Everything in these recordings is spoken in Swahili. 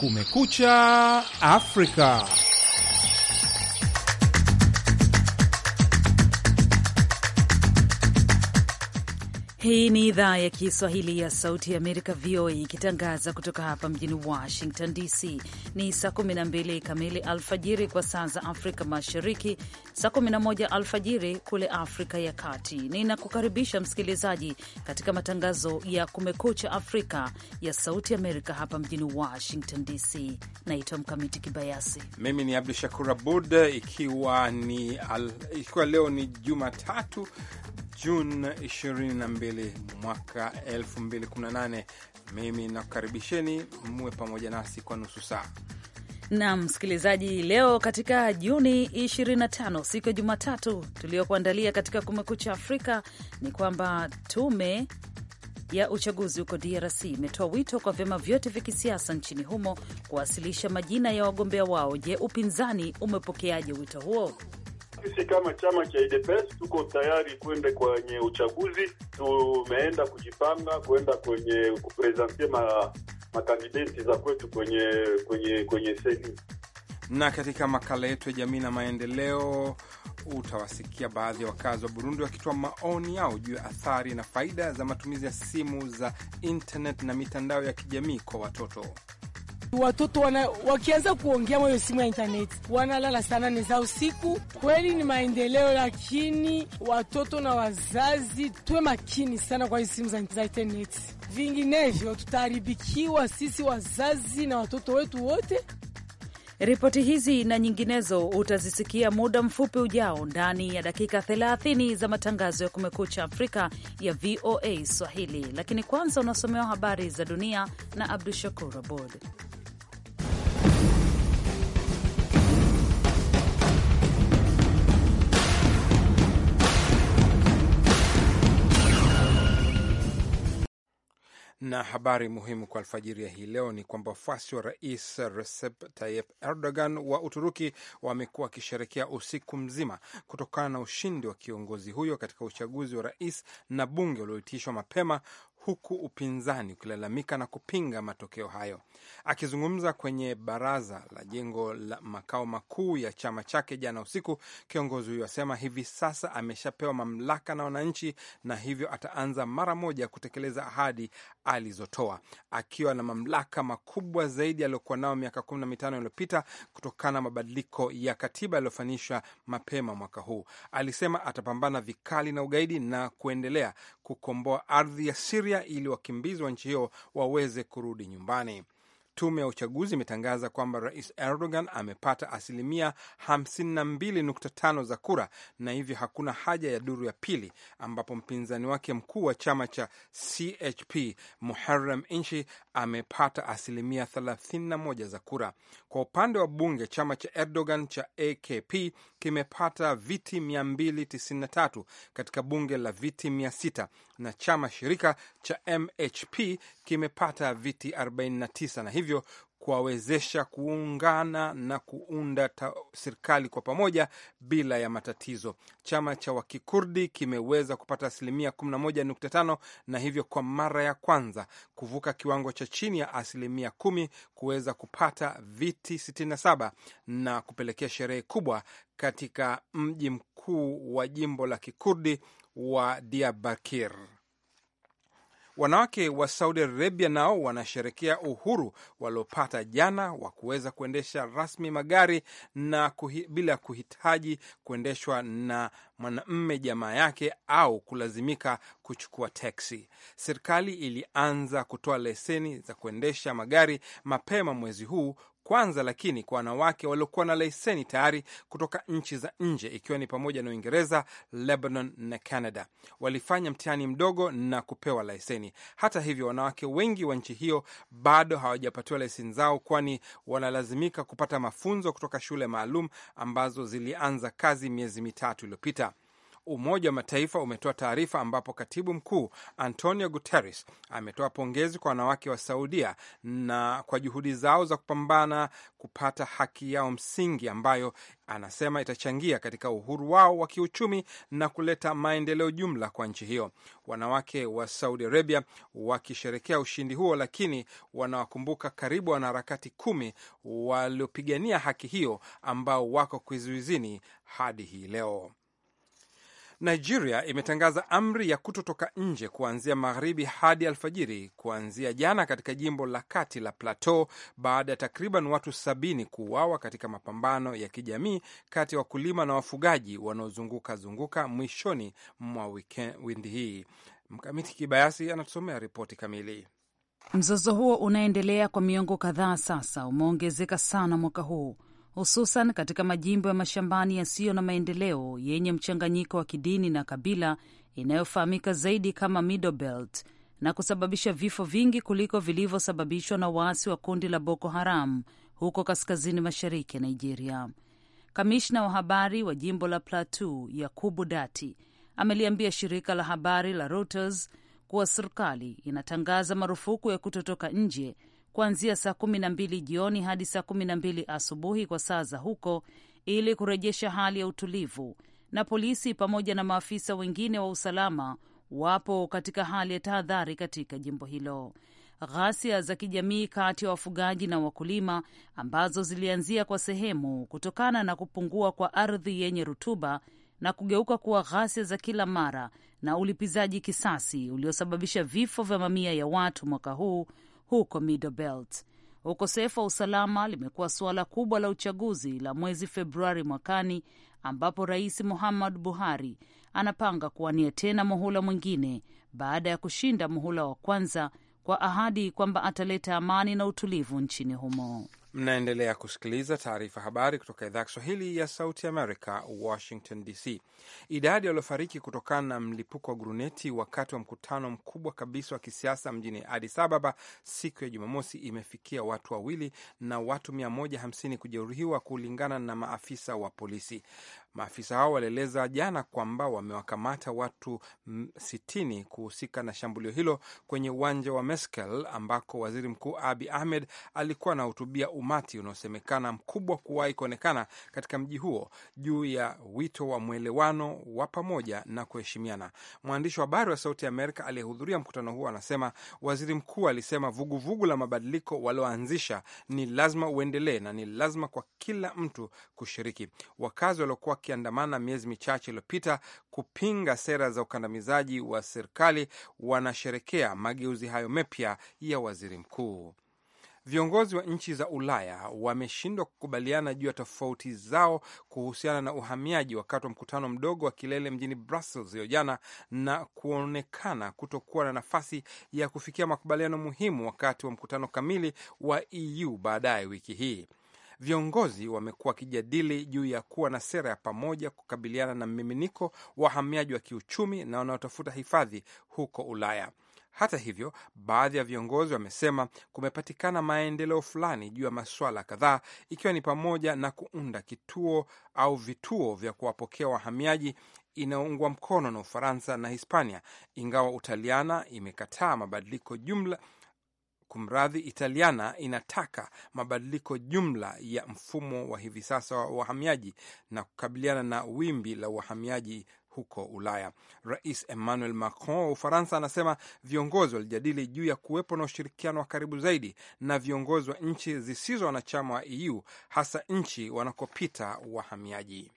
Kumekucha Afrika. Hii ni idhaa ya Kiswahili ya Sauti ya Amerika, VOA, ikitangaza kutoka hapa mjini Washington DC. Ni saa 12 kamili alfajiri kwa saa za Afrika Mashariki, saa 11 alfajiri kule Afrika ya Kati. Ninakukaribisha msikilizaji katika matangazo ya Kumekucha Afrika ya Sauti Amerika hapa mjini Washington DC. Naitwa Mkamiti Kibayasi, mimi ni Abdu Shakur Abud, ikiwa, ikiwa leo ni Jumatatu Juni Aprili mwaka 2018. Mimi nakukaribisheni muwe pamoja nasi kwa nusu saa. Naam msikilizaji, leo katika Juni 25 siku ya Jumatatu, tuliyokuandalia katika Kumekucha Afrika ni kwamba tume ya uchaguzi huko DRC imetoa wito kwa vyama vyote vya kisiasa nchini humo kuwasilisha majina ya wagombea wao. Je, upinzani umepokeaje wito huo? sisi kama chama cha UDPS tuko tayari kwende kwenye uchaguzi. Tumeenda kujipanga kwenda kwenye kupresentie ma, makandidati za kwetu kwenye kwenye kwenye seni. Na katika makala yetu ya jamii na maendeleo utawasikia baadhi ya wakazi wa Burundi wakitoa maoni yao juu ya athari na faida za matumizi ya simu za internet na mitandao ya kijamii kwa watoto. Watoto wana, wakianza kuongea mwayo simu ya intaneti wanalala sana, ni za usiku. Kweli ni maendeleo, lakini watoto na wazazi tuwe makini sana kwa hizi simu za intaneti, vinginevyo tutaharibikiwa sisi wazazi na watoto wetu wote. Ripoti hizi na nyinginezo utazisikia muda mfupi ujao ndani ya dakika 30 za matangazo ya Kumekucha Afrika ya VOA Swahili, lakini kwanza unasomewa habari za dunia na Abdu Shakur Abod. Na habari muhimu kwa alfajiri ya hii leo ni kwamba wafuasi wa rais Recep Tayyip Erdogan wa Uturuki wamekuwa wakisherekea usiku mzima kutokana na ushindi wa kiongozi huyo katika uchaguzi wa rais na bunge ulioitishwa mapema huku upinzani ukilalamika na kupinga matokeo hayo. Akizungumza kwenye baraza la jengo la makao makuu ya chama chake jana usiku, kiongozi huyo asema hivi sasa ameshapewa mamlaka na wananchi, na hivyo ataanza mara moja kutekeleza ahadi alizotoa, akiwa na mamlaka makubwa zaidi aliyokuwa nao miaka kumi na mitano iliyopita kutokana na mabadiliko ya katiba yaliyofanyishwa mapema mwaka huu. Alisema atapambana vikali na ugaidi na kuendelea kukomboa ardhi ya Syria ili wakimbizi wa nchi hiyo waweze kurudi nyumbani. Tume ya uchaguzi imetangaza kwamba rais Erdogan amepata asilimia 52.5 za kura na hivyo hakuna haja ya duru ya pili, ambapo mpinzani wake mkuu wa chama cha CHP Muharrem Inshi amepata asilimia 31 za kura. Kwa upande wa bunge, chama cha Erdogan cha AKP kimepata viti 293 katika bunge la viti 600 na chama shirika cha MHP kimepata viti 49 na hivyo kuwawezesha kuungana na kuunda serikali kwa pamoja bila ya matatizo. Chama cha wakikurdi kimeweza kupata asilimia 11.5 na hivyo kwa mara ya kwanza kuvuka kiwango cha chini ya asilimia kumi kuweza kupata viti 67 na kupelekea sherehe kubwa katika mji mkuu wa jimbo la kikurdi wa Diyarbakir. Wanawake wa Saudi Arabia nao wanasherekea uhuru waliopata jana wa kuweza kuendesha rasmi magari na kuhi, bila kuhitaji kuendeshwa na mwanamme jamaa yake au kulazimika kuchukua teksi. Serikali ilianza kutoa leseni za kuendesha magari mapema mwezi huu kwanza, lakini kwa wanawake waliokuwa na leseni tayari kutoka nchi za nje, ikiwa ni pamoja na Uingereza, Lebanon na Canada. Walifanya mtihani mdogo na kupewa leseni. Hata hivyo, wanawake wengi wa nchi hiyo bado hawajapatiwa leseni zao, kwani wanalazimika kupata mafunzo kutoka shule maalum ambazo zilianza kazi miezi mitatu iliyopita. Umoja wa Mataifa umetoa taarifa ambapo katibu mkuu Antonio Guterres ametoa pongezi kwa wanawake wa Saudia na kwa juhudi zao za kupambana kupata haki yao msingi ambayo anasema itachangia katika uhuru wao wa kiuchumi na kuleta maendeleo jumla kwa nchi hiyo. Wanawake wa Saudi Arabia wakisherekea ushindi huo, lakini wanawakumbuka karibu wanaharakati kumi waliopigania haki hiyo ambao wako kizuizini hadi hii leo. Nigeria imetangaza amri ya kutotoka nje kuanzia magharibi hadi alfajiri kuanzia jana katika jimbo la kati la Plateau baada ya takriban watu sabini kuuawa katika mapambano ya kijamii kati ya wakulima na wafugaji wanaozunguka zunguka mwishoni mwa wikendi hii. Mkamiti Kibayasi anatusomea ripoti kamili. Mzozo huo unaendelea kwa miongo kadhaa sasa, umeongezeka sana mwaka huu hususan katika majimbo ya mashambani yasiyo na maendeleo yenye mchanganyiko wa kidini na kabila inayofahamika zaidi kama Middle Belt na kusababisha vifo vingi kuliko vilivyosababishwa na waasi wa kundi la Boko Haram huko kaskazini mashariki ya Nigeria. Kamishna wa habari wa jimbo la Plateau Yakubu Dati ameliambia shirika la habari la Reuters kuwa serikali inatangaza marufuku ya kutotoka nje kuanzia saa kumi na mbili jioni hadi saa kumi na mbili asubuhi kwa saa za huko ili kurejesha hali ya utulivu, na polisi pamoja na maafisa wengine wa usalama wapo katika hali ya tahadhari katika jimbo hilo. Ghasia za kijamii kati ya wafugaji na wakulima ambazo zilianzia kwa sehemu kutokana na kupungua kwa ardhi yenye rutuba na kugeuka kuwa ghasia za kila mara na ulipizaji kisasi uliosababisha vifo vya mamia ya watu mwaka huu huko Middlebelt. Ukosefu wa usalama limekuwa suala kubwa la uchaguzi la mwezi Februari mwakani ambapo Rais Muhammad Buhari anapanga kuwania tena muhula mwingine baada ya kushinda muhula wa kwanza kwa ahadi kwamba ataleta amani na utulivu nchini humo. Mnaendelea kusikiliza taarifa habari kutoka idhaa ya Kiswahili ya Sauti Amerika, Washington DC. Idadi waliofariki kutokana na mlipuko wa guruneti wakati wa mkutano mkubwa kabisa wa kisiasa mjini Adis Ababa siku ya Jumamosi imefikia watu wawili na watu 150 kujeruhiwa, kulingana na maafisa wa polisi. Maafisa hao walieleza jana kwamba wamewakamata watu sitini kuhusika na shambulio hilo kwenye uwanja wa Meskel ambako waziri mkuu Abi Ahmed alikuwa anahutubia umati unaosemekana mkubwa kuwahi kuonekana katika mji huo juu ya wito wa mwelewano wa pamoja na kuheshimiana. Mwandishi wa habari wa Sauti Amerika aliyehudhuria mkutano huo anasema waziri mkuu alisema vuguvugu vugu la mabadiliko walioanzisha ni lazima uendelee na ni lazima kwa kila mtu kushiriki. Wakazi waliokuwa wakiandamana miezi michache iliyopita kupinga sera za ukandamizaji wa serikali wanasherekea mageuzi hayo mapya ya waziri mkuu. Viongozi wa nchi za Ulaya wameshindwa kukubaliana juu ya tofauti zao kuhusiana na uhamiaji wakati wa mkutano mdogo wa kilele mjini Brussels hiyo jana, na kuonekana kutokuwa na nafasi ya kufikia makubaliano muhimu wakati wa mkutano kamili wa EU baadaye wiki hii. Viongozi wamekuwa wakijadili juu ya kuwa na sera ya pamoja kukabiliana na mmiminiko wa wahamiaji wa kiuchumi na wanaotafuta hifadhi huko Ulaya. Hata hivyo, baadhi ya viongozi wamesema kumepatikana maendeleo fulani juu ya masuala kadhaa, ikiwa ni pamoja na kuunda kituo au vituo vya kuwapokea wahamiaji inayoungwa mkono na Ufaransa na Hispania, ingawa Utaliana imekataa mabadiliko jumla Kumradhi, Italiana inataka mabadiliko jumla ya mfumo wa hivi sasa wa uahamiaji na kukabiliana na wimbi la uahamiaji huko Ulaya. Rais Emmanuel Macron wa Ufaransa anasema viongozi walijadili juu ya kuwepo na ushirikiano wa karibu zaidi na viongozi wa nchi zisizo wanachama wa EU, hasa nchi wanakopita wahamiaji.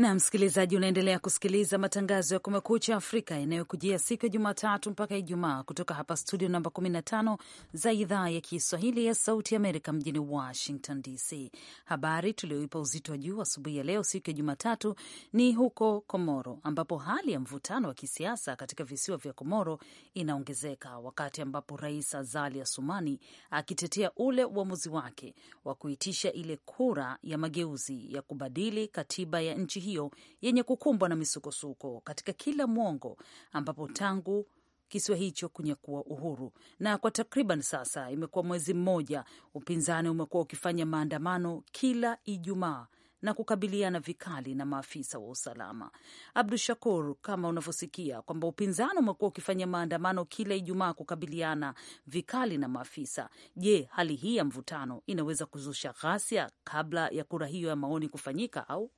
na msikilizaji, unaendelea kusikiliza matangazo ya Kumekucha Afrika yanayokujia siku ya Jumatatu mpaka Ijumaa kutoka hapa studio namba 15 za idhaa ya Kiswahili ya Sauti Amerika mjini Washington DC. Habari tulioipa uzito wa juu asubuhi ya leo, siku ya Jumatatu, ni huko Komoro ambapo hali ya mvutano wa kisiasa katika visiwa vya Komoro inaongezeka wakati ambapo Rais Azali Asumani akitetea ule uamuzi wake wa kuitisha ile kura ya mageuzi ya kubadili katiba ya nchi hiyo yenye kukumbwa na misukosuko katika kila mwongo ambapo tangu kisiwa hicho kunyakua uhuru. Na kwa takriban sasa imekuwa mwezi mmoja, upinzani umekuwa ukifanya maandamano kila Ijumaa na kukabiliana vikali na maafisa wa usalama. Abdu Shakur, kama unavyosikia kwamba upinzani umekuwa ukifanya maandamano kila Ijumaa kukabiliana vikali na maafisa. Je, hali hii ya mvutano inaweza kuzusha ghasia kabla ya kura hiyo ya maoni kufanyika au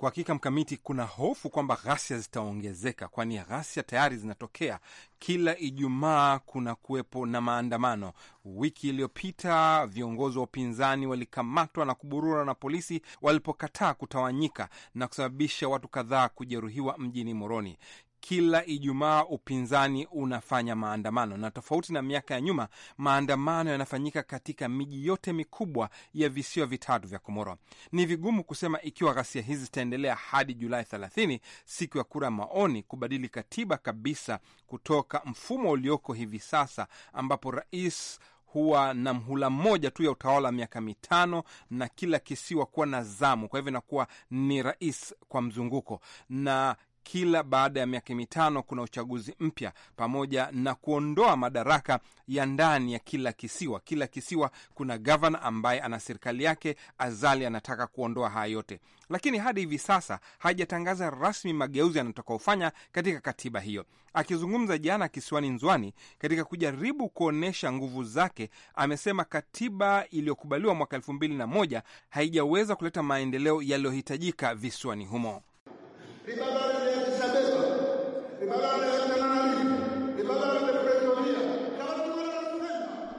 kwa hakika Mkamiti, kuna hofu kwamba ghasia zitaongezeka, kwani ghasia tayari zinatokea. Kila Ijumaa kuna kuwepo na maandamano. Wiki iliyopita viongozi wa upinzani walikamatwa na kuburura na polisi walipokataa kutawanyika na kusababisha watu kadhaa kujeruhiwa mjini Moroni kila Ijumaa upinzani unafanya maandamano, na tofauti na miaka ya nyuma, maandamano yanafanyika katika miji yote mikubwa ya visiwa vitatu vya Komoro. Ni vigumu kusema ikiwa ghasia hizi zitaendelea hadi Julai 30, siku ya kura maoni, kubadili katiba kabisa kutoka mfumo ulioko hivi sasa ambapo rais huwa na mhula mmoja tu ya utawala wa miaka mitano na kila kisiwa kuwa na zamu. Kwa hivyo inakuwa ni rais kwa mzunguko, na kila baada ya miaka mitano kuna uchaguzi mpya, pamoja na kuondoa madaraka ya ndani ya kila kisiwa. Kila kisiwa kuna gavana ambaye ana serikali yake. Azali anataka kuondoa haya yote, lakini hadi hivi sasa hajatangaza rasmi mageuzi ufanya katika katiba hiyo. Akizungumza jana kisiwani Nzwani katika kujaribu kuonyesha nguvu zake, amesema katiba iliyokubaliwa mwaka elfu mbili na moja haijaweza kuleta maendeleo yaliyohitajika visiwani humo.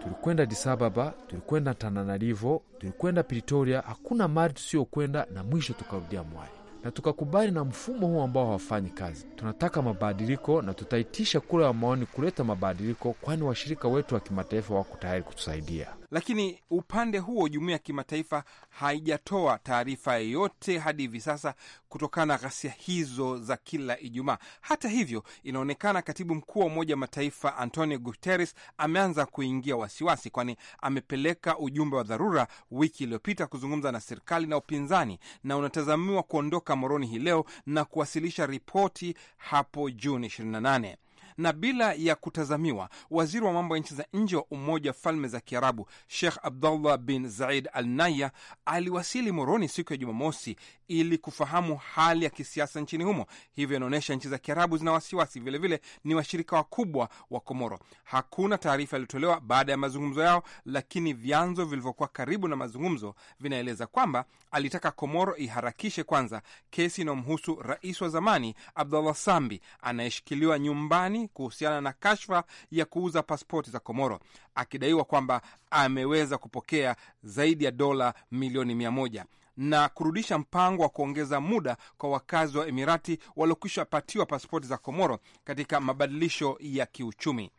Tulikwenda disababa tulikwenda Tananarivo, tulikwenda pritoria hakuna mali tusiyokwenda, na mwisho tukarudia Mwai na tukakubali na mfumo huu ambao hawafanyi kazi. Tunataka mabadiliko na tutaitisha kura ya maoni kuleta mabadiliko, kwani washirika wetu wa kimataifa wako tayari kutusaidia. Lakini upande huo jumuiya ya kimataifa haijatoa taarifa yoyote hadi hivi sasa kutokana na ghasia hizo za kila Ijumaa. Hata hivyo, inaonekana katibu mkuu wa Umoja wa Mataifa Antonio Guterres ameanza kuingia wasiwasi, kwani amepeleka ujumbe wa dharura wiki iliyopita kuzungumza na serikali na upinzani, na unatazamiwa kuondoka Moroni hii leo na kuwasilisha ripoti hapo Juni 28 na bila ya kutazamiwa, waziri wa mambo ya nchi za nje wa Umoja wa Falme za Kiarabu Sheikh Abdullah bin Zaid Al Naya aliwasili Moroni siku ya Jumamosi ili kufahamu hali ya kisiasa nchini humo. Hivyo inaonyesha nchi za Kiarabu zina wasiwasi, vilevile ni washirika wakubwa wa Komoro. Hakuna taarifa iliyotolewa baada ya mazungumzo yao, lakini vyanzo vilivyokuwa karibu na mazungumzo vinaeleza kwamba alitaka Komoro iharakishe kwanza kesi inayomhusu rais wa zamani Abdullah Sambi anayeshikiliwa nyumbani kuhusiana na kashfa ya kuuza pasipoti za Komoro akidaiwa kwamba ameweza kupokea zaidi ya dola milioni mia moja na kurudisha mpango wa kuongeza muda kwa wakazi wa Emirati waliokwisha patiwa pasipoti za Komoro katika mabadilisho ya kiuchumi.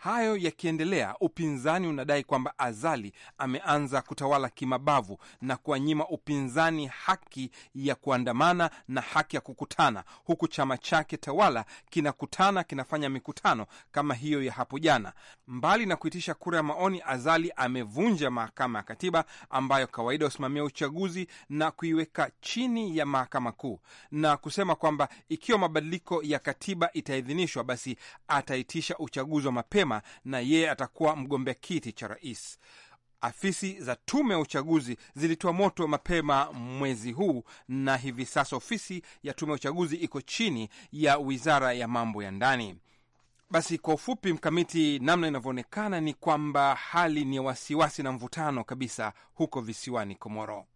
Hayo yakiendelea, upinzani unadai kwamba Azali ameanza kutawala kimabavu na kuwanyima upinzani haki ya kuandamana na haki ya kukutana, huku chama chake tawala kinakutana, kinafanya mikutano kama hiyo ya hapo jana. Mbali na kuitisha kura ya maoni, Azali amevunja mahakama ya katiba ambayo kawaida husimamia uchaguzi na kuiweka chini ya mahakama kuu, na kusema kwamba ikiwa mabadiliko ya katiba itaidhinishwa, basi ataitisha uchaguzi wa mapema mapema na yeye atakuwa mgombea kiti cha rais. Afisi za tume ya uchaguzi zilitoa moto mapema mwezi huu, na hivi sasa ofisi ya tume ya uchaguzi iko chini ya wizara ya mambo ya ndani. Basi kwa ufupi, Mkamiti, namna inavyoonekana ni kwamba hali ni ya wasiwasi na mvutano kabisa huko visiwani Komoro.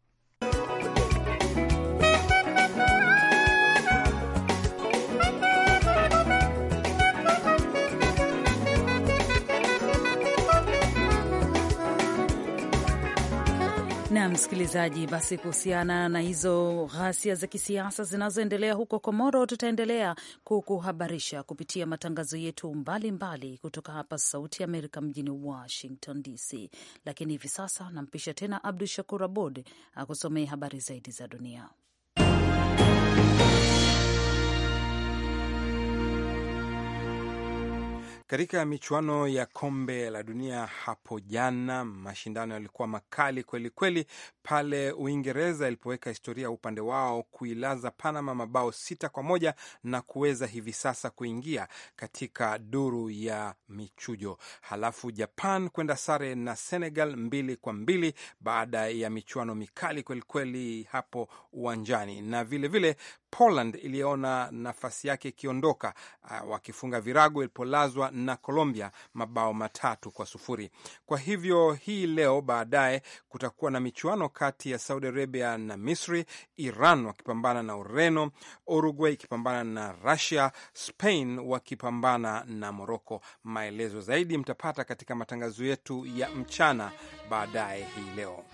na msikilizaji, basi kuhusiana na hizo ghasia za kisiasa zinazoendelea huko Komoro, tutaendelea kukuhabarisha kupitia matangazo yetu mbalimbali mbali kutoka hapa Sauti ya Amerika mjini Washington DC. Lakini hivi sasa nampisha tena Abdu Shakur Abod akusomee habari zaidi za dunia. Katika michuano ya kombe la dunia hapo jana, mashindano yalikuwa makali kweli kweli, pale Uingereza ilipoweka historia upande wao kuilaza Panama mabao sita kwa moja na kuweza hivi sasa kuingia katika duru ya michujo. Halafu Japan kwenda sare na Senegal mbili kwa mbili baada ya michuano mikali kwelikweli hapo uwanjani, na vilevile vile Poland iliona nafasi yake ikiondoka uh, wakifunga virago ilipolazwa na Colombia mabao matatu kwa sufuri. Kwa hivyo hii leo baadaye kutakuwa na michuano kati ya Saudi Arabia na Misri, Iran wakipambana na Ureno, Uruguay ikipambana na Russia, Spain wakipambana na Morocco. Maelezo zaidi mtapata katika matangazo yetu ya mchana baadaye hii leo.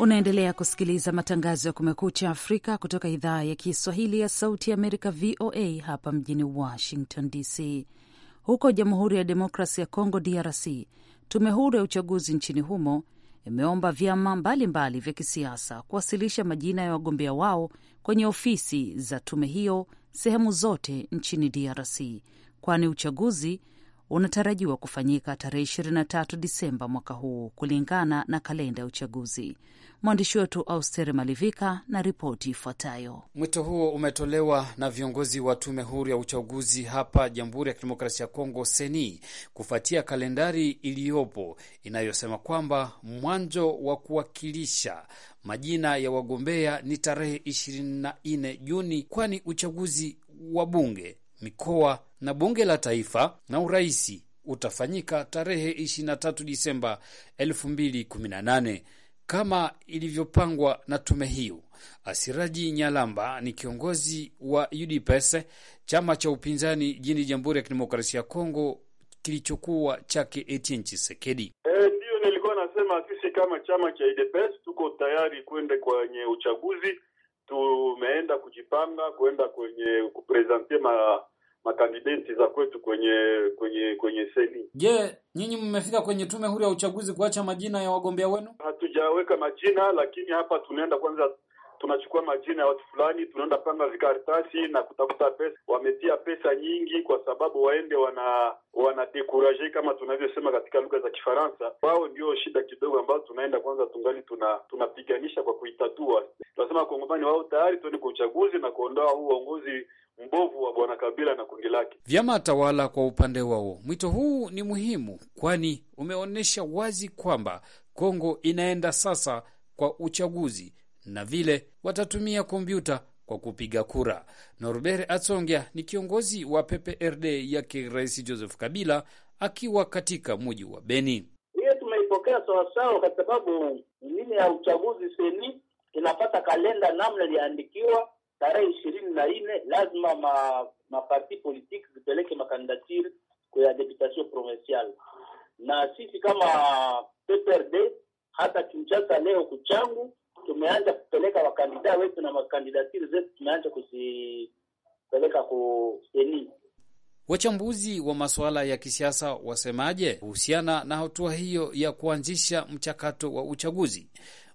Unaendelea kusikiliza matangazo ya Kumekucha Afrika kutoka idhaa ya Kiswahili ya Sauti ya Amerika, VOA, hapa mjini Washington DC. Huko Jamhuri ya Demokrasi ya Kongo, DRC, tume huru ya uchaguzi nchini humo imeomba vyama mbalimbali vya kisiasa kuwasilisha majina ya wagombea wao kwenye ofisi za tume hiyo sehemu zote nchini DRC, kwani uchaguzi unatarajiwa kufanyika tarehe 23 Disemba mwaka huu kulingana na kalenda ya uchaguzi. Mwandishi wetu Austeri Malivika na ripoti ifuatayo. Mwito huo umetolewa na viongozi wa tume huru ya uchaguzi hapa Jamhuri ya Kidemokrasia ya Kongo, seni kufuatia kalendari iliyopo inayosema kwamba mwanzo wa kuwakilisha majina ya wagombea ni tarehe 24 Juni, kwani uchaguzi wa bunge mikoa na bunge la taifa na uraisi utafanyika tarehe 23 Disemba 2018 kama ilivyopangwa na tume hiyo. Asiraji Nyalamba ni kiongozi wa UDPS, chama cha upinzani jini Jamhuri ya Kidemokrasia ya Kongo kilichokuwa chake Etienne Chisekedi. Eh, Ndiyo e, nilikuwa nasema sisi kama chama cha UDPS tuko tayari kwende kwenye uchaguzi tumeenda kujipanga kwenda kwenye kupresente ma makandidati za kwetu kwenye kwenye kwenye seni. Je, yeah, nyinyi mmefika kwenye tume huru ya uchaguzi kuacha majina ya wagombea wenu? Hatujaweka majina, lakini hapa tunaenda kwanza tunachukua majina ya watu fulani, tunaenda panga vikaratasi na kutafuta pesa. Wametia pesa nyingi kwa sababu waende wana wanadekuraje kama tunavyosema katika lugha za Kifaransa. Wao ndio shida kidogo ambayo tunaenda kwanza, tungali tuna tunapiganisha kwa kuitatua. Tunasema Wakongomani wao tayari tuende kwa uchaguzi na kuondoa huu uongozi mbovu wa bwana Kabila na kundi lake. Vyama tawala kwa upande wao, mwito huu ni muhimu, kwani umeonyesha wazi kwamba Kongo inaenda sasa kwa uchaguzi na vile watatumia kompyuta kwa kupiga kura. Norbert Atsongia ni kiongozi wa PPRD yake Rais Joseph Kabila akiwa katika muji wa Beni. Hiyo tumeipokea sawasawa, kwa sababu ingine ya uchaguzi seni inapata kalenda namna iliandikiwa tarehe ishirini na nne lazima ma, maparti politiki zipeleke makandidature kwa deputation provincial, na sisi kama PPRD hata Kinshasa leo kuchangu tumeanza kupeleka wakandida wetu na makandidatiri zetu tumeanza kuzipeleka kuseni. Wachambuzi wa masuala ya kisiasa wasemaje kuhusiana na hatua hiyo ya kuanzisha mchakato wa uchaguzi?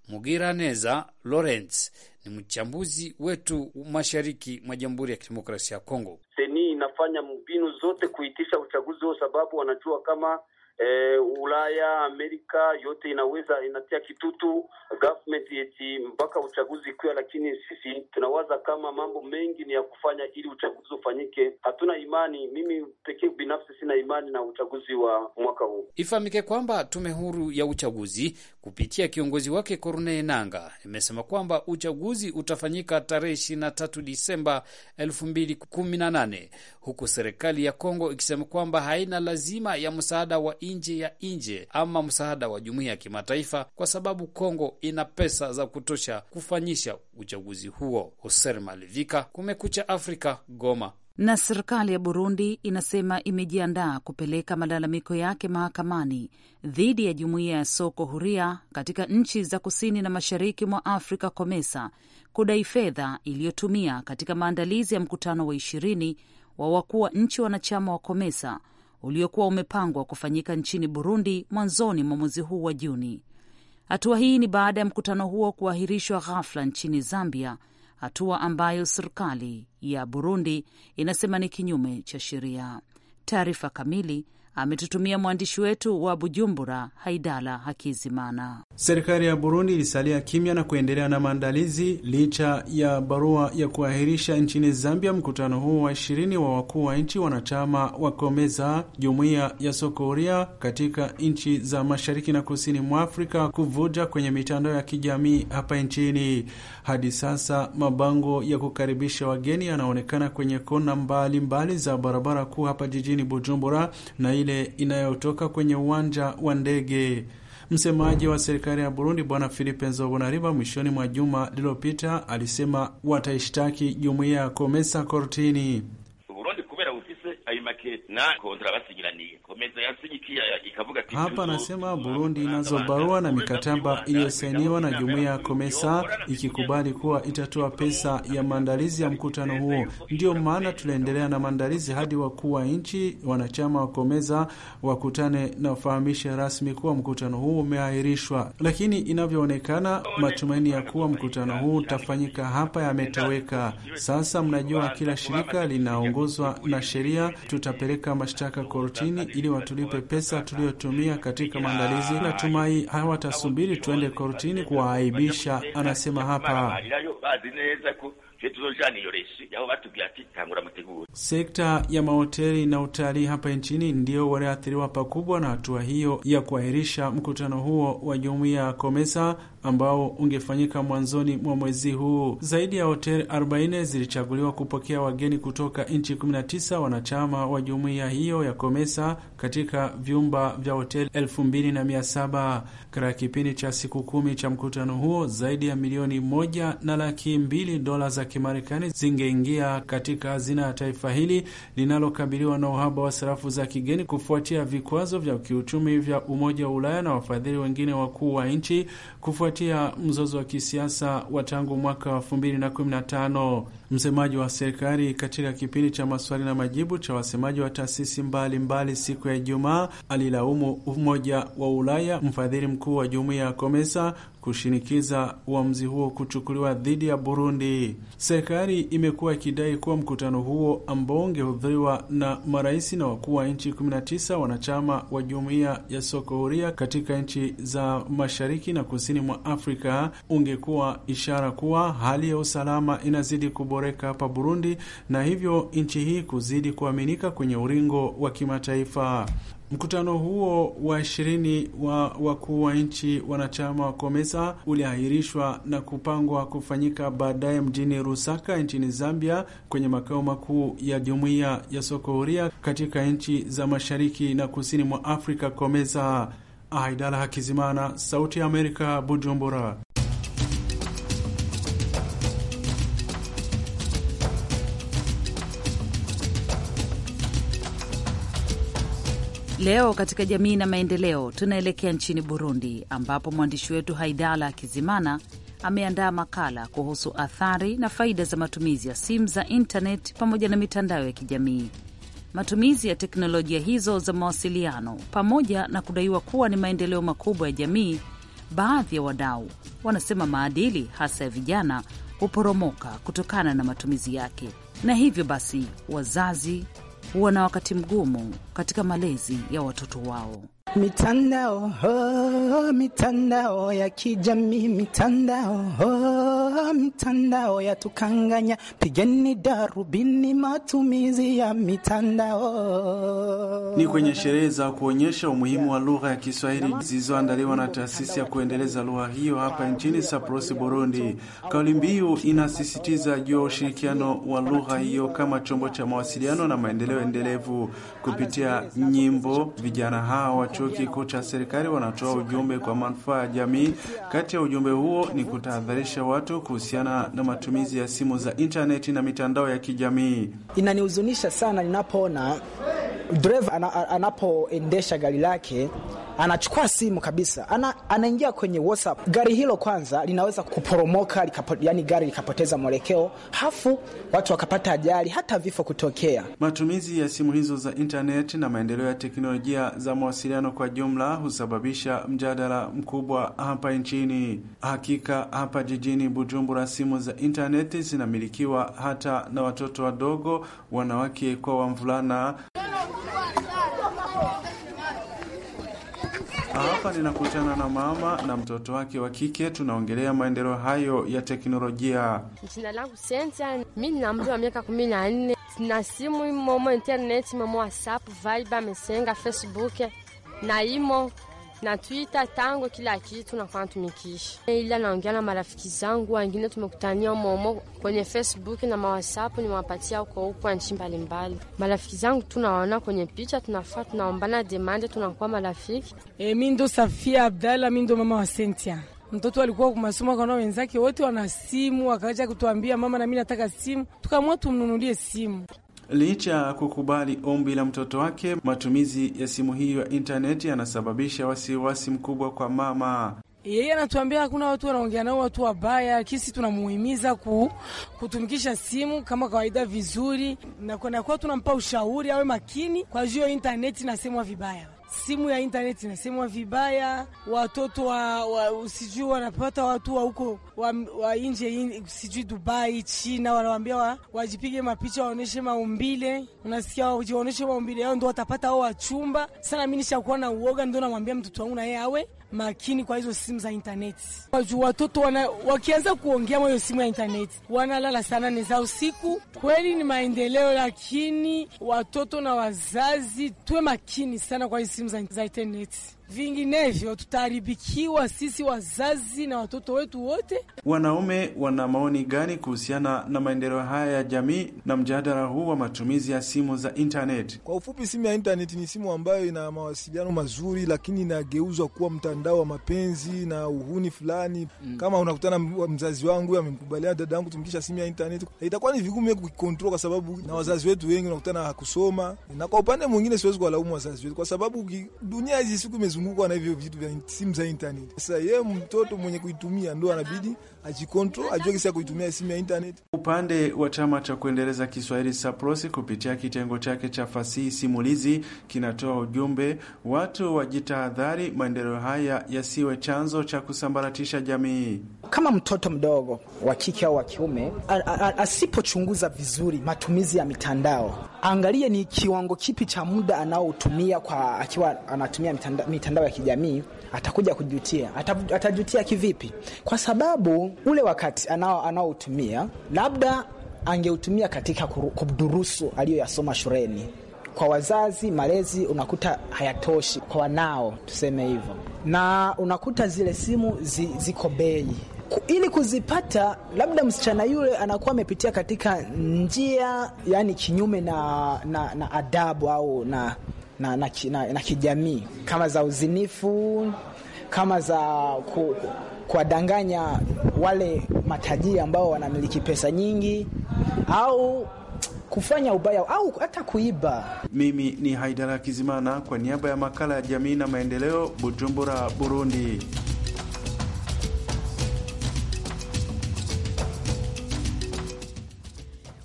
Mugiraneza Lorenz ni mchambuzi wetu mashariki mwa Jamhuri ya Kidemokrasia ya Kongo. Seni inafanya mbinu zote kuitisha uchaguzi huo, sababu wanajua kama e, Ulaya, Amerika yote inaweza inatia kitutu government yeti mpaka uchaguzi ikiwa, lakini sisi tunawaza kama mambo mengi ni ya kufanya ili uchaguzi ufanyike. Hatuna imani, mimi pekee binafsi sina imani na uchaguzi wa mwaka huu. Ifahamike kwamba tume huru ya uchaguzi kupitia kiongozi wake Corneille Nanga imesema kwamba uchaguzi utafanyika tarehe ishirini na tatu Disemba elfu mbili kumi na nane huku serikali ya Kongo ikisema kwamba haina lazima ya msaada wa nje ya nje ama msaada wa jumuiya ya kimataifa, kwa sababu Kongo ina pesa za kutosha kufanyisha uchaguzi huo. Hoser Malivika, Kumekucha Afrika, Goma. Na serikali ya Burundi inasema imejiandaa kupeleka malalamiko yake mahakamani dhidi ya jumuiya ya soko huria katika nchi za kusini na mashariki mwa Afrika, COMESA, kudai fedha iliyotumia katika maandalizi ya mkutano wa ishirini wa wakuu wa nchi wanachama wa COMESA uliokuwa umepangwa kufanyika nchini Burundi mwanzoni mwa mwezi huu wa Juni. Hatua hii ni baada ya mkutano huo kuahirishwa ghafla nchini Zambia, hatua ambayo serikali ya Burundi inasema ni kinyume cha sheria. Taarifa kamili ametutumia mwandishi wetu wa Bujumbura, Haidala Hakizimana. Serikali ya Burundi ilisalia kimya na kuendelea na maandalizi licha ya barua ya kuahirisha nchini Zambia mkutano huo wa ishirini wa wakuu wa nchi wanachama wa Komeza, jumuiya ya Sokoria katika nchi za mashariki na kusini mwa Afrika kuvuja kwenye mitandao ya kijamii hapa nchini. Hadi sasa mabango ya kukaribisha wageni yanaonekana kwenye kona mbalimbali mbali za barabara kuu hapa jijini Bujumbura na ile inayotoka kwenye uwanja wa ndege. Msemaji wa serikali ya Burundi Bwana Philippe Nzobonariba mwishoni mwa juma lililopita alisema wataishtaki jumuiya ya Komesa kortini. kubera ayo make na kontra hapa anasema Burundi inazo barua na mikataba iliyosainiwa na jumuiya ya komesa ikikubali kuwa itatoa pesa ya maandalizi ya mkutano huo. Ndiyo maana tunaendelea na maandalizi hadi wakuu wa nchi wanachama wa Komesa wakutane na ufahamishe rasmi kuwa mkutano huu umeahirishwa, lakini inavyoonekana matumaini ya kuwa mkutano huu utafanyika hapa yametoweka. Sasa mnajua, kila shirika linaongozwa na sheria. Tutapeleka mashtaka kortini ili watulipe pesa tuliyotumia katika maandalizi. Natumai hawatasubiri tuende kortini kuwaaibisha, anasema hapa tangura Sekta ya mahoteli na utalii hapa nchini ndiyo waliathiriwa pakubwa na hatua hiyo ya kuahirisha mkutano huo wa jumuiya ya COMESA ambao ungefanyika mwanzoni mwa mwezi huu. Zaidi ya hoteli 40 zilichaguliwa kupokea wageni kutoka nchi 19 wanachama wa jumuiya hiyo ya COMESA katika vyumba vya hoteli 2700. Katika kipindi cha siku kumi cha mkutano huo, zaidi ya milioni moja na laki mbili dola za Kimarekani Marekani zingeingia katika hazina ya taifa hili linalokabiliwa na uhaba wa sarafu za kigeni kufuatia vikwazo vya kiuchumi vya Umoja wa Ulaya na wafadhili wengine wakuu wa nchi kufuatia mzozo wa kisiasa wa tangu mwaka wa tano. Msemaji wa serikali katika kipindi cha maswali na majibu cha wasemaji wa taasisi mbalimbali siku ya Ijumaa alilaumu Umoja wa Ulaya, mfadhili mkuu wa jumuiya ya Komesa kushinikiza uamuzi huo kuchukuliwa dhidi ya Burundi. Serikali imekuwa ikidai kuwa mkutano huo ambao ungehudhuriwa na marais na wakuu wa nchi 19 wanachama wa jumuiya ya soko huria katika nchi za mashariki na kusini mwa Afrika ungekuwa ishara kuwa hali ya usalama inazidi kuboreka hapa Burundi na hivyo nchi hii kuzidi kuaminika kwenye ulingo wa kimataifa. Mkutano huo wa ishirini wa wakuu wa nchi wanachama wa COMESA uliahirishwa na kupangwa kufanyika baadaye mjini rusaka nchini Zambia, kwenye makao makuu ya jumuiya ya soko huria katika nchi za mashariki na kusini mwa Afrika, COMESA. Aidala Hakizimana, Sauti ya Amerika, Bujumbura. Leo katika jamii na maendeleo, tunaelekea nchini Burundi ambapo mwandishi wetu Haidala Kizimana ameandaa makala kuhusu athari na faida za matumizi ya simu za intnet pamoja na mitandao ya kijamii. Matumizi ya teknolojia hizo za mawasiliano pamoja na kudaiwa kuwa ni maendeleo makubwa ya jamii, baadhi ya wadau wanasema maadili hasa ya vijana huporomoka kutokana na matumizi yake, na hivyo basi wazazi huwa na wakati mgumu katika malezi ya watoto wao. Mitandao oh, mitandao ya kijamii mitandao oh mtandao yatukanganya, pigeni darubini matumizi ya mitandao. Ni kwenye sherehe za kuonyesha umuhimu wa lugha ya Kiswahili zilizoandaliwa na taasisi ya kuendeleza lugha hiyo hapa nchini Saprosi, Burundi. Kauli mbiu inasisitiza juu ya ushirikiano wa lugha hiyo kama chombo cha mawasiliano na maendeleo endelevu. Kupitia nyimbo, vijana hawa wa chuo kikuu cha serikali wanatoa ujumbe kwa manufaa ya jamii. Kati ya ujumbe huo ni kutahadharisha watu kuhusiana na matumizi ya simu za intaneti na mitandao ya kijamii. Inanihuzunisha sana ninapoona dreva ana, anapoendesha gari lake anachukua simu kabisa, ana, anaingia kwenye WhatsApp. Gari hilo kwanza linaweza kuporomoka likapo, yani gari likapoteza mwelekeo, hafu watu wakapata ajali, hata vifo kutokea. Matumizi ya simu hizo za intaneti na maendeleo ya teknolojia za mawasiliano kwa jumla husababisha mjadala mkubwa hapa nchini. Hakika hapa jijini Bujumbura, simu za intaneti zinamilikiwa hata na watoto wadogo, wanawake kwa wavulana. Hapa ninakutana na mama na mtoto wake wa kike, tunaongelea maendeleo hayo ya teknolojia. Jina langu Sentia, mi nina umri wa miaka kumi na nne na simu imomo internet imomo WhatsApp, Viber, Mesenga, Facebook na imo na natuita tango kila kitu na kwantumikisha, ila naongea na marafiki zangu wengine tumekutania momo kwenye Facebook na mawhasapu, nimewapatia huko huko nchi mbalimbali. Marafiki zangu tunaona kwenye picha, tunafaa tunaombana demande, tunakuwa marafiki. E, mi ndo Safia Abdalla, mi ndo mama wa Sentia mtoto alikuwa kumasomo kana wenzake wote wana simu, akaja kutuambia mama, nami nataka simu, tukamua tumnunulie simu. Licha ya kukubali ombi la mtoto wake, matumizi ya simu hiyo ya intaneti yanasababisha wasiwasi mkubwa kwa mama. Yeye anatuambia hakuna watu wanaongea nao, watu wabaya. Kisi tunamuhimiza ku, kutumikisha simu kama kawaida vizuri, na kwa, tunampa ushauri awe makini kwa juu ya intaneti inasemwa vibaya simu ya internet inasemwa vibaya, watoto wa, wa sijui wanapata watu wa huko wa, wa nje sijui Dubai, China, wanawambia wa, wajipige mapicha waoneshe maumbile. Unasikia, waoneshe maumbile yao ndo watapata ao wachumba sana. Mi nishakuwa na uoga, ndo namwambia mtoto wangu na yeye awe makini kwa hizo simu za intaneti. Wajua watoto wana, wakianza kuongea moyo hiyo simu ya intaneti wanalala sana ni za usiku. Kweli ni maendeleo, lakini watoto na wazazi tuwe makini sana kwa hizo simu za, za intaneti vinginevyo tutaharibikiwa sisi wazazi na watoto wetu wote. Wanaume wana maoni gani kuhusiana na maendeleo haya ya jamii na mjadala huu wa matumizi ya simu za intaneti? Kwa ufupi, simu ya intaneti ni simu ambayo ina mawasiliano mazuri, lakini inageuzwa kuwa mtandao wa mapenzi na uhuni fulani. Mm. Kama unakutana mzazi wangu amemkubalia dada yangu tumikisha simu ya intaneti, itakuwa ni vigumu kuikontrol, kwa sababu na wazazi wetu wengi unakutana hakusoma, na kwa upande mwingine siwezi kuwalaumu wazazi wetu kwa sababu dunia hizi siku amezungukwa na hivyo vitu vya simu za internet. Sasa yeye mtoto mwenye kuitumia ndo anabidi ajikontro ajue kisi ya kuitumia simu ya intaneti. Upande wa chama cha kuendeleza Kiswahili SAPROSI kupitia kitengo chake cha fasihi simulizi kinatoa ujumbe watu wajitahadhari, maendeleo haya yasiwe chanzo cha kusambaratisha jamii. Kama mtoto mdogo wa kike au wa kiume asipochunguza vizuri matumizi ya mitandao, angalie ni kiwango kipi cha muda anaotumia kwa akiwa anatumia mitandao mitanda ya kijamii atakuja kujutia. atajutia kivipi? Kwa sababu ule wakati anao labda angeutumia katika kudurusu aliyoyasoma shuleni. Kwa wazazi, malezi unakuta hayatoshi kwa wanao, tuseme hivyo, na unakuta zile simu zi, ziko bei ili kuzipata, labda msichana yule anakuwa amepitia katika njia yani kinyume na, na, na adabu au na na, na, na, na kijamii kama za uzinifu kama za ku, kuwadanganya wale matajiri ambao wanamiliki pesa nyingi au kufanya ubaya au hata kuiba. Mimi ni Haidara Kizimana kwa niaba ya makala ya jamii na maendeleo, Bujumbura, Burundi.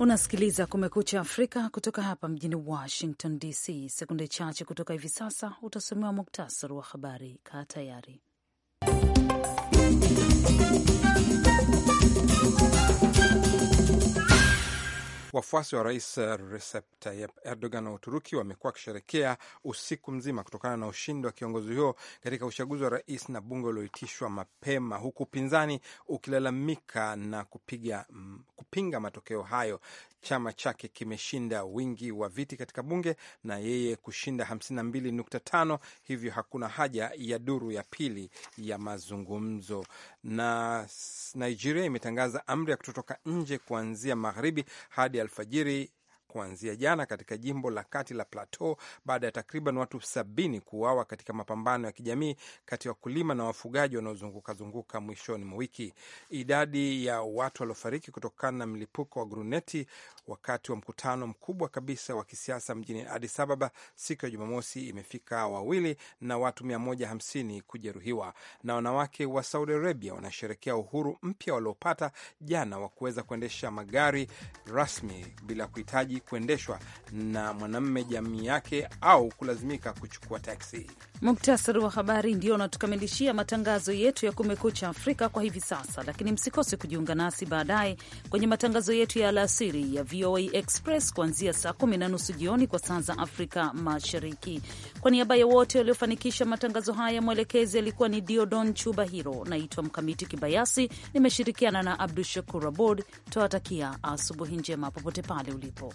Unasikiliza Kumekucha Afrika kutoka hapa mjini Washington DC. Sekunde chache kutoka hivi sasa utasomewa muktasari wa habari. Kaa tayari. Wafuasi wa rais eh, Recep Tayyip Erdogan wa Uturuki wamekuwa wakisherekea usiku mzima kutokana na ushindi wa kiongozi huo katika uchaguzi wa rais na bunge ulioitishwa mapema, huku upinzani ukilalamika na kupiga, mm, kupinga matokeo hayo. Chama chake kimeshinda wingi wa viti katika bunge na yeye kushinda 52.5, hivyo hakuna haja ya duru ya pili ya mazungumzo. Na Nigeria imetangaza amri ya kutotoka nje kuanzia magharibi hadi alfajiri kuanzia jana katika jimbo la kati la Plateau baada ya takriban watu sabini kuuawa katika mapambano ya kijamii kati ya wakulima na wafugaji wanaozungukazunguka mwishoni mwa wiki. Idadi ya watu waliofariki kutokana na mlipuko wa gruneti wakati wa mkutano mkubwa kabisa wa kisiasa mjini Addis Ababa siku ya Jumamosi imefika wawili na watu 150 kujeruhiwa. Na wanawake wa Saudi Arabia wanasherekea uhuru mpya waliopata jana wa kuweza kuendesha magari rasmi bila kuhitaji inabidi kuendeshwa na mwanamme jamii yake au kulazimika kuchukua taksi. Muktasari wa habari ndio unatukamilishia matangazo yetu ya Kumekucha Afrika kwa hivi sasa, lakini msikose kujiunga nasi baadaye kwenye matangazo yetu ya alasiri ya VOA Express kuanzia saa kumi na nusu jioni kwa saa za Afrika Mashariki. Kwa niaba ya wote waliofanikisha matangazo haya, mwelekezi alikuwa ni Diodon Chuba Hiro. Naitwa Mkamiti Kibayasi, nimeshirikiana na Abdu Shakur Abod. Tuwatakia asubuhi njema popote pale ulipo.